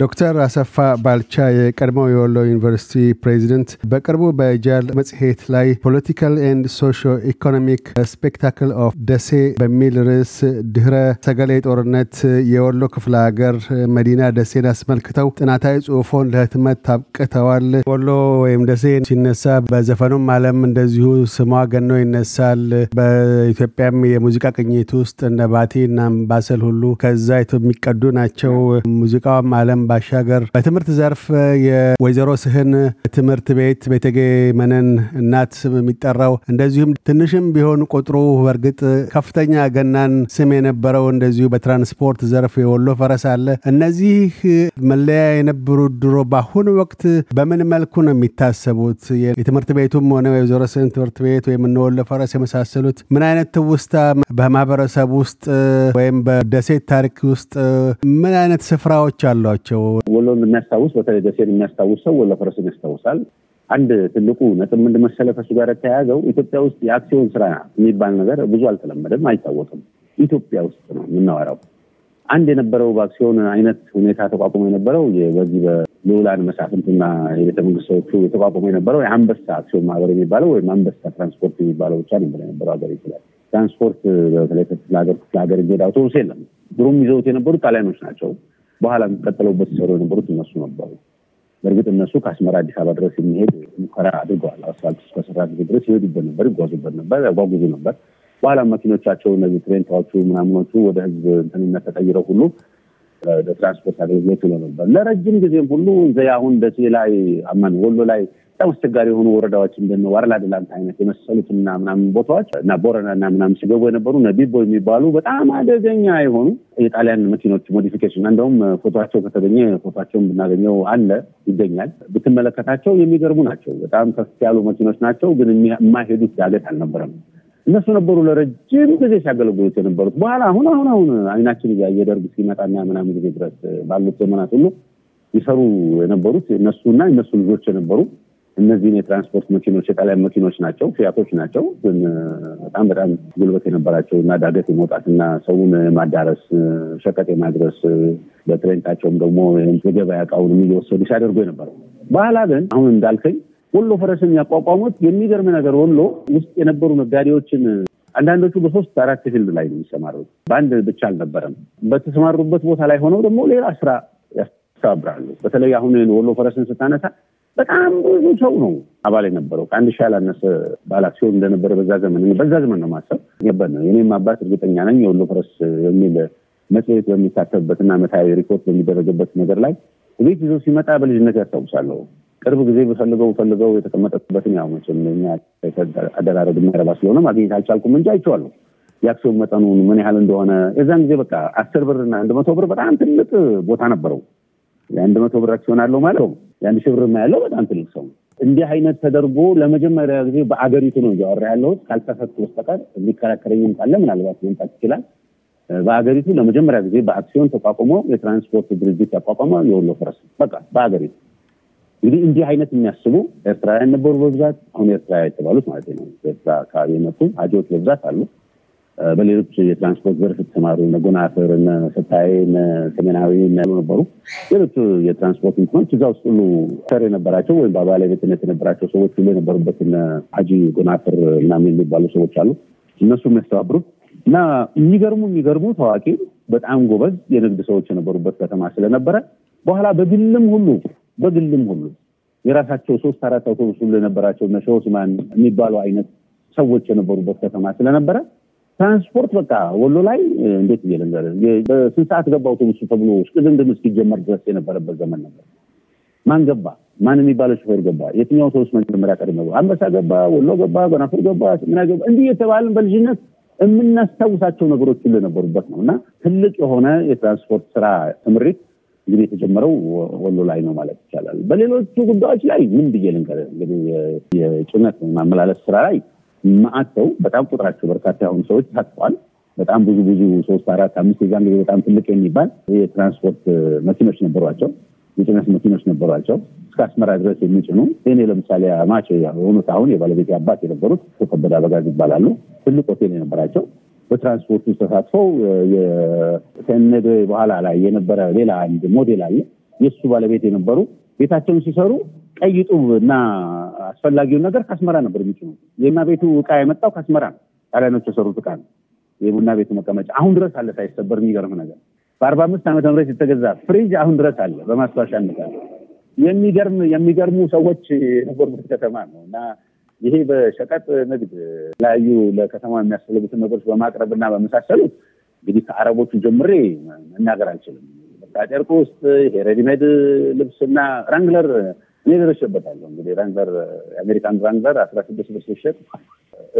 ዶክተር አሰፋ ባልቻ የቀድሞው የወሎ ዩኒቨርሲቲ ፕሬዚደንት በቅርቡ በጃል መጽሔት ላይ ፖለቲካል ኤንድ ሶሾ ኢኮኖሚክ ስፔክታክል ኦፍ ደሴ በሚል ርዕስ ድህረ ሰገሌ ጦርነት የወሎ ክፍለ ሀገር መዲና ደሴን አስመልክተው ጥናታዊ ጽሁፎን ለህትመት ታብቅተዋል ወሎ ወይም ደሴ ሲነሳ በዘፈኑም ዓለም እንደዚሁ ስሟ ገኖ ይነሳል። በኢትዮጵያም የሙዚቃ ቅኝት ውስጥ እነ ባቲ እና አምባሰል ሁሉ ከዛ የሚቀዱ ናቸው። ሙዚቃውም ዓለም ባሻገር በትምህርት ዘርፍ የወይዘሮ ስህን ትምህርት ቤት ቤተጌ መነን እናት ስም የሚጠራው እንደዚሁም ትንሽም ቢሆን ቁጥሩ በእርግጥ ከፍተኛ ገናን ስም የነበረው እንደዚሁ በትራንስፖርት ዘርፍ የወሎ ፈረስ አለ። እነዚህ መለያ የነበሩ ድሮ በአሁኑ ወቅት በምን መልኩ ነው የሚታሰቡት? የትምህርት ቤቱም ሆነ የወይዘሮ ስህን ትምህርት ቤት ወይም እነወሎ ፈረስ የመሳሰሉት ምን አይነት ትውስታ በማህበረሰብ ውስጥ ወይም በደሴት ታሪክ ውስጥ ምን አይነት ስፍራዎች አሏቸው? ናቸው። ወሎን የሚያስታውስ በተለይ ደሴን የሚያስታውስ ሰው ወሎ ፈረስን ያስታውሳል። አንድ ትልቁ ነጥብ ምንድን መሰለህ ከእሱ ጋር የተያያዘው ኢትዮጵያ ውስጥ የአክሲዮን ስራ የሚባል ነገር ብዙ አልተለመደም፣ አይታወቅም። ኢትዮጵያ ውስጥ ነው የምናወራው። አንድ የነበረው በአክሲዮን አይነት ሁኔታ ተቋቁሞ የነበረው በዚህ በልዑላን መሳፍንትና የቤተ ሰዎቹ የተቋቁሞ የነበረው የአንበሳ አክሲዮን ማህበር የሚባለው ወይም አንበሳ ትራንስፖርት የሚባለው ብቻ ነበር የነበረው ሀገር ይችላል። ትራንስፖርት በተለይ ክፍለ ሀገር ክፍለ ሀገር የሚሄድ አውቶቡስ የለም። ድሮም ይዘውት የነበሩ ጣሊያኖች ናቸው። በኋላ የሚቀጥለውበት ሲሰሩ የነበሩት እነሱ ነበሩ። በእርግጥ እነሱ ከአስመራ አዲስ አበባ ድረስ የሚሄድ ሙከራ አድርገዋል። አስፋልት እስከሰራ ጊዜ ድረስ ይሄዱበት ነበር፣ ይጓዙበት ነበር፣ ያጓጉዙ ነበር። በኋላ መኪኖቻቸው እነዚህ ትሬንታዎቹ ምናምኖቹ ወደ ህዝብ እንትንነት ተቀይረው ሁሉ ወደ ትራንስፖርት አገልግሎት ይውሎ ነበር። ለረጅም ጊዜም ሁሉ እዚ አሁን ደሴ ላይ አማን ወሎ ላይ በጣም አስቸጋሪ የሆኑ ወረዳዎች እንደነ ዋርላ ደላንት አይነት የመሰሉትና ምናምን ቦታዎች እና ቦረና እና ምናምን ሲገቡ የነበሩ ነቢቦ የሚባሉ በጣም አደገኛ የሆኑ የጣሊያን መኪኖች ሞዲፊኬሽን እና እንደውም ፎቶቸው ከተገኘ ፎቶቸውን ብናገኘው አለ ይገኛል። ብትመለከታቸው የሚገርሙ ናቸው። በጣም ከፍ ያሉ መኪኖች ናቸው፣ ግን የማይሄዱት ዳገት አልነበረም። እነሱ ነበሩ ለረጅም ጊዜ ሲያገለግሉት የነበሩት። በኋላ አሁን አሁን አሁን አይናችን እያየ ደርግ ሲመጣና ምናምን ጊዜ ድረስ ባሉት ዘመናት ሁሉ ይሰሩ የነበሩት እነሱና እነሱ ልጆች የነበሩ እነዚህን የትራንስፖርት መኪኖች የጣሊያን መኪኖች ናቸው፣ ፊያቶች ናቸው። ግን በጣም በጣም ጉልበት የነበራቸው እና ዳገት የመውጣት እና ሰውን ማዳረስ፣ ሸቀጥ የማድረስ በትሬንታቸውም ደግሞ የገበያ እቃውን እየወሰዱ ሲያደርጉ የነበረው በኋላ ግን አሁን እንዳልከኝ ወሎ ፈረስን ያቋቋሙት የሚገርም ነገር ወሎ ውስጥ የነበሩ ነጋዴዎችን አንዳንዶቹ በሶስት አራት ፊልድ ላይ ነው የሚሰማሩት፣ በአንድ ብቻ አልነበረም። በተሰማሩበት ቦታ ላይ ሆነው ደግሞ ሌላ ስራ ያስተባብራሉ። በተለይ አሁን ወሎ ፈረስን ስታነሳ በጣም ብዙ ሰው ነው አባል የነበረው። ከአንድ ሺህ ያላነሰ ባላት ሲሆን እንደነበረ በዛ ዘመን በዛ ዘመን ነው ማሰብ ነበር ነው። የኔም አባት እርግጠኛ ነኝ የወሎ ፈረስ የሚል መጽሔት በሚታተብበትና ዓመታዊ ሪፖርት በሚደረግበት ነገር ላይ ቤት ይዞ ሲመጣ በልጅነት ያስታውሳለሁ። ቅርብ ጊዜ ብፈልገው ብፈልገው የተቀመጠበትን ያው መቼም አደራረግ የሚያረባ ስለሆነ ማግኘት አልቻልኩም እንጂ አይቼዋለሁ። የአክሲዮን መጠኑን ምን ያህል እንደሆነ የዛን ጊዜ በቃ አስር ብርና አንድ መቶ ብር በጣም ትልቅ ቦታ ነበረው። የአንድ መቶ ብር አክሲዮን አለው ማለት የአንድ ሺህ ብር ያለው በጣም ትልቅ ሰው። እንዲህ አይነት ተደርጎ ለመጀመሪያ ጊዜ በአገሪቱ ነው እያወራ ያለሁት ካልተሰጡ በስተቀር የሚከራከረኝም ካለ ምናልባት ሊምጣት ይችላል። በአገሪቱ ለመጀመሪያ ጊዜ በአክሲዮን ተቋቁሞ የትራንስፖርት ድርጅት ያቋቋመ የወሎ ፈረስ በቃ በአገሪቱ እንግዲህ እንዲህ አይነት የሚያስቡ ኤርትራውያን ነበሩ በብዛት አሁን ኤርትራ የተባሉት ማለት ነው። ኤርትራ አካባቢ የመጡ ሀጂዎች በብዛት አሉ። በሌሎች የትራንስፖርት ዘርፍ የተሰማሩ እነ ጎናፍር፣ ሰሜናዊ ያሉ ነበሩ። ሌሎች የትራንስፖርት እንትኖች እዛ ውስጥ ሁሉ ሰር የነበራቸው ወይም በባለቤትነት የነበራቸው ሰዎች ሁሉ የነበሩበት ሀጂ ጎናፍር ምናምን የሚባሉ ሰዎች አሉ። እነሱ የሚያስተባብሩት እና የሚገርሙ የሚገርሙ ታዋቂ በጣም ጎበዝ የንግድ ሰዎች የነበሩበት ከተማ ስለነበረ በኋላ በግልም ሁሉ በግልም ሁሉ የራሳቸው ሶስት አራት አውቶቡስ ሁሉ የነበራቸው እነ ሾስማን የሚባሉ አይነት ሰዎች የነበሩበት ከተማ ስለነበረ ትራንስፖርት በቃ ወሎ ላይ እንዴት ብዬ በስንት ሰዓት ገባ አውቶቡሱ ተብሎ እስቅድምድም እስኪጀመር ድረስ የነበረበት ዘመን ነበር። ማን ገባ ማን የሚባለው ሾፌር ገባ፣ የትኛው ሰውስ መጀመሪያ ቀድመ፣ አንበሳ ገባ፣ ወሎ ገባ፣ ጎናፉር ገባ፣ ስምና ገባ፣ እንዲህ የተባለን በልጅነት የምናስታውሳቸው ነገሮች ሁሉ የነበሩበት ነው እና ትልቅ የሆነ የትራንስፖርት ስራ ትምሪት እንግዲህ የተጀመረው ወሎ ላይ ነው ማለት ይቻላል። በሌሎቹ ጉዳዮች ላይ ምን ብዬ ልንገርህ፣ እንግዲህ የጭነት ማመላለስ ስራ ላይ ማአተው በጣም ቁጥራቸው በርካታ የሆኑ ሰዎች ታጥቋል። በጣም ብዙ ብዙ ሶስት፣ አራት፣ አምስት የዛን ጊዜ በጣም ትልቅ የሚባል የትራንስፖርት መኪኖች ነበሯቸው፣ የጭነት መኪኖች ነበሯቸው እስከ አስመራ ድረስ የሚጭኑ እኔ ለምሳሌ አማች የሆኑት አሁን የባለቤት አባት የነበሩት ከበደ አበጋዝ ይባላሉ። ትልቅ ሆቴል የነበራቸው በትራንስፖርቱ ውስጥ ተሳትፈው ከነደ በኋላ ላይ የነበረ ሌላ አንድ ሞዴል አለ። የእሱ ባለቤት የነበሩ ቤታቸውን ሲሰሩ ቀይ ጡብ እና አስፈላጊውን ነገር ከአስመራ ነበር የሚችሉ የቡና ቤቱ እቃ የመጣው ከአስመራ ነው። ጣሊያኖች የሰሩት እቃ ነው። የቡና ቤቱ መቀመጫ አሁን ድረስ አለ ሳይሰበር። የሚገርም ነገር በአርባ አምስት ዓመተ ምህረት የተገዛ ፍሪጅ አሁን ድረስ አለ በማስታወሻ ንቃ የሚገርም የሚገርሙ ሰዎች የነበሩበት ከተማ ነው እና ይሄ በሸቀጥ ንግድ የተለያዩ ለከተማ የሚያስፈልጉትን ነገሮች በማቅረብ እና በመሳሰሉት እንግዲህ ከአረቦቹ ጀምሬ መናገር አልችልም። በቃ ውስጥ ይሄ ሬዲሜድ ልብስና ራንግለር እኔ ደረሸበታለሁ። እንግዲህ ራንግለር የአሜሪካን ራንግለር አስራ ስድስት ብር ሲሸጥ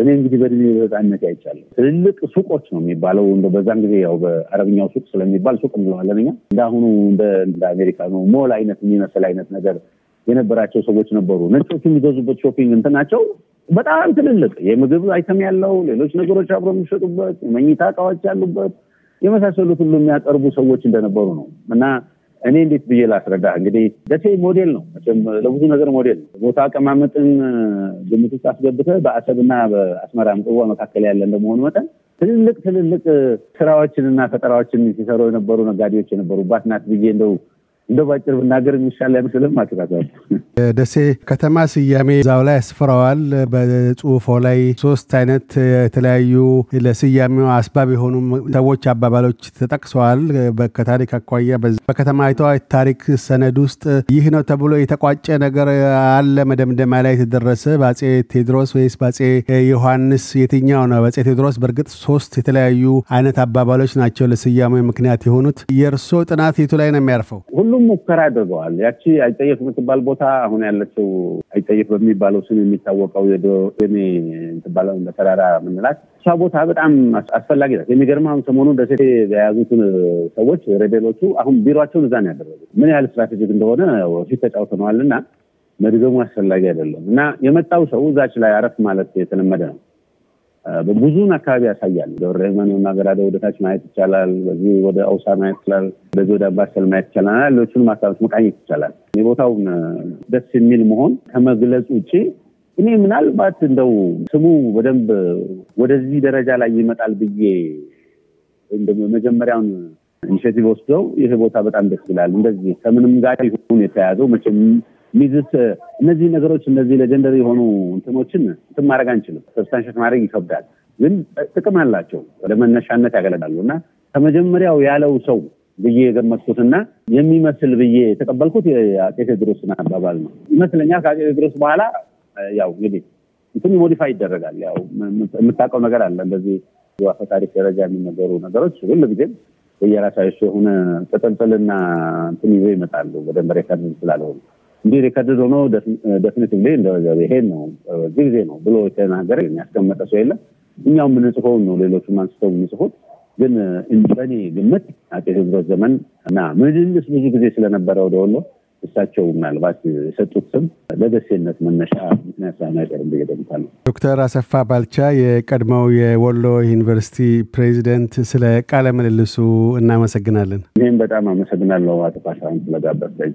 እኔ እንግዲህ በድሜ በጣነት አይቻለ ትልልቅ ሱቆች ነው የሚባለው እንደ በዛን ጊዜ ያው በአረብኛው ሱቅ ስለሚባል ሱቅ እንለዋለን እኛ። እንደ አሁኑ እንደ ሞል አይነት የሚመስል አይነት ነገር የነበራቸው ሰዎች ነበሩ። ነጮቹ የሚገዙበት ሾፒንግ እንትናቸው በጣም ትልልቅ የምግብ አይተም ያለው ሌሎች ነገሮች አብሮ የሚሸጡበት የመኝታ እቃዎች ያሉበት የመሳሰሉት ሁሉ የሚያቀርቡ ሰዎች እንደነበሩ ነው እና እኔ እንዴት ብዬ ላስረዳ እንግዲህ ደሴ ሞዴል ነው ለብዙ ነገር ሞዴል ነው። ቦታ አቀማመጥን ግምት ውስጥ አስገብተህ በአሰብና በአስመራ ምጽዋ መካከል ያለ እንደመሆኑ መጠን ትልልቅ ትልልቅ ስራዎችንና ፈጠራዎችን ሲሰሩ የነበሩ ነጋዴዎች የነበሩባት ናት ብዬ እንደው እንደ ባጭር ብናገር የሚሻል አይመስልም። አስተካከሉ ደሴ ከተማ ስያሜ እዛው ላይ አስፍረዋል። በጽሁፎ ላይ ሶስት አይነት የተለያዩ ለስያሜው አስባብ የሆኑ ሰዎች አባባሎች ተጠቅሰዋል። ከታሪክ አኳያ በከተማይቷ ታሪክ ሰነድ ውስጥ ይህ ነው ተብሎ የተቋጨ ነገር አለ መደምደማ ላይ የተደረሰ በአጼ ቴዎድሮስ ወይስ በአጼ ዮሐንስ የትኛው ነው? በአጼ ቴዎድሮስ በእርግጥ ሶስት የተለያዩ አይነት አባባሎች ናቸው ለስያሜው ምክንያት የሆኑት። የእርሶ ጥናት የቱ ላይ ነው የሚያርፈው? ሁሉም ሙከራ አድርገዋል። ያቺ አይጠየፍ የምትባል ቦታ አሁን ያለችው አይጠየፍ በሚባለው ስም የሚታወቀው የዶሜ የምትባለው በተራራ የምንላት እሷ ቦታ በጣም አስፈላጊ ናት። የሚገርም አሁን ሰሞኑን ደሴ የያዙትን ሰዎች ሬቤሎቹ አሁን ቢሮቸውን እዛ ነው ያደረጉት። ምን ያህል ስትራቴጂክ እንደሆነ ፊት ተጫውተነዋል እና መድገሙ አስፈላጊ አይደለም እና የመጣው ሰው እዛች ላይ አረፍ ማለት የተለመደ ነው። በብዙን አካባቢ ያሳያል። ደብረ ርህመን ማገራደ ወደታች ማየት ይቻላል። በዚህ ወደ አውሳ ማየት ይችላል። በዚህ ወደ አምባሰል ማየት ይቻላል። ሌሎቹንም አካባቢዎች መቃኘት ይቻላል። የቦታውን ደስ የሚል መሆን ከመግለጽ ውጭ እኔ ምናልባት እንደው ስሙ በደንብ ወደዚህ ደረጃ ላይ ይመጣል ብዬ ወይም ደግሞ ኢኒሽቲቭ ወስደው ይህ ቦታ በጣም ደስ ይላል እንደዚህ ከምንም ጋር ይሁን የተያዘው መቼም ሚዝስ እነዚህ ነገሮች እነዚህ ሌጀንደሪ የሆኑ እንትኖችን እንትን ማድረግ አንችልም። ሰብስታንሽት ማድረግ ይከብዳል፣ ግን ጥቅም አላቸው፣ ለመነሻነት ያገለግላሉ እና ከመጀመሪያው ያለው ሰው ብዬ የገመትኩትና የሚመስል ብዬ የተቀበልኩት የአፄ ቴዎድሮስን አባባል ነው ይመስለኛል። ከአጤ ቴዎድሮስ በኋላ ያው እንግዲህ እንትኑ ሞዲፋይ ይደረጋል። ያው የምታውቀው ነገር አለ እንደዚህ የዋፈ ታሪክ ደረጃ የሚነገሩ ነገሮች ሁሉ ጊዜም በየራሳቸው የሆነ ቅጥልጥልና እንትን ይዞ ይመጣሉ። በደንብ ሬከርድ ስላልሆኑ እንዲህ ሪከርድ ሆኖ ደፍኒቲቭሊ እንደዛ ይሄን ነው ጊዜ ነው ብሎ የተናገረ የሚያስቀመጠ ሰው የለም። እኛው የምንጽፈውን ነው ሌሎቹ አንስተው የሚጽፉት። ግን በኔ ግምት አጤ ቴዎድሮስ ዘመን እና ምንልስ ብዙ ጊዜ ስለነበረ ወደ ወሎ እሳቸው ምናልባት የሰጡት ስም ለደሴነት መነሻ ምክንያት ሳይሆን አይቀርም ብዬ እገምታለሁ። ዶክተር አሰፋ ባልቻ የቀድሞው የወሎ ዩኒቨርሲቲ ፕሬዚደንት፣ ስለ ቃለ ምልልሱ እናመሰግናለን። ይህም በጣም አመሰግናለሁ አቶ ካሳሁን ስለጋበዝከኝ።